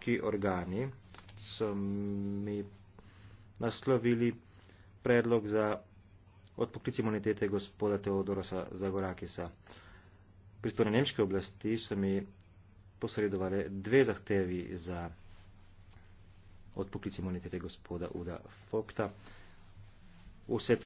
ki organi so mi naslovili predlog za odpoklic imunitete gospoda Teodorosa Zagorakisa. Pristojne nemške oblasti so mi posredovali dve zahtevi za odpoklic imunitete gospoda Uda Fokta. Vse